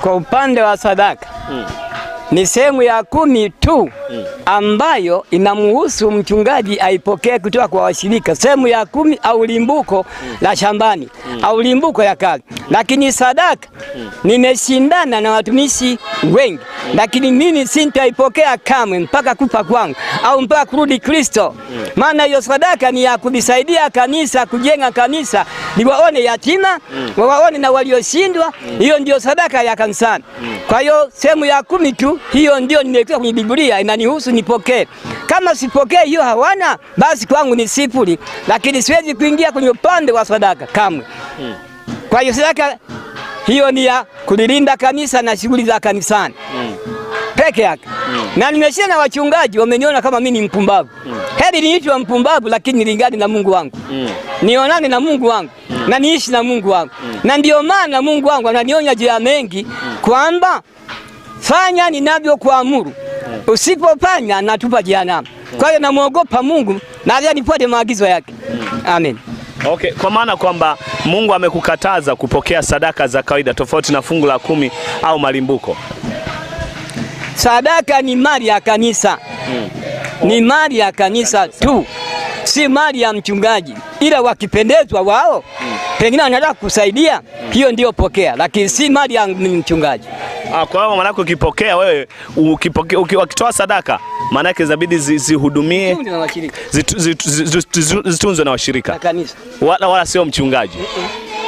Kwa upande wa sadaka hmm ni sehemu ya kumi tu ambayo inamhusu mchungaji aipokee kutoka kwa washirika, sehemu ya kumi au limbuko la shambani au limbuko ya kale. Lakini sadaka nimeshindana na watumishi wengi, lakini mimi sintaipokea kamwe mpaka kufa kwangu au mpaka kurudi Kristo, maana hiyo sadaka ni ya kulisaidia kanisa, kujenga kanisa, liwaone yatima, wawaone na walioshindwa. Hiyo ndiyo sadaka ya kanisani. Kwa hiyo sehemu ya kumi tu hiyo ndio nimekuwa kwenye Biblia inanihusu, nipokee. Kama sipokee hiyo hawana, basi kwangu ni sifuri, lakini siwezi kuingia kwenye upande wa sadaka kamwe. Hmm. Kwa hiyo sadaka hiyo ni ya kulilinda kanisa na shughuli za kanisani. Hmm. Peke yake. Hmm. Na nimeshia na wachungaji wameniona kama mimi ni mpumbavu. Hmm. Heri niitwe mpumbavu lakini nilingane na Mungu wangu. Hmm. Nionane na Mungu wangu hmm. na niishi na Mungu wangu hmm. na ndiyo maana Mungu wangu ananionya juu ya mengi kwamba fanya ninavyokuamuru, usipofanya natupa jehanamu. Kwa hiyo namwogopa Mungu na nifuate maagizo yake. Amen. Okay, kwa maana kwamba Mungu amekukataza kupokea sadaka za kawaida tofauti na fungu la kumi au malimbuko. Sadaka ni mali ya kanisa mm. Oh. Ni mali ya kanisa tu, si mali ya mchungaji, ila wakipendezwa wao mm. Pengine anataka kusaidia mm. Hiyo ndiyo pokea, lakini si mali ya mchungaji. Ah, kwa hiyo maanake ukipokea wewe ukipokea wakitoa sadaka maanake zabidi zihudumie zitunzwe na washirika wala, wala sio mchungaji.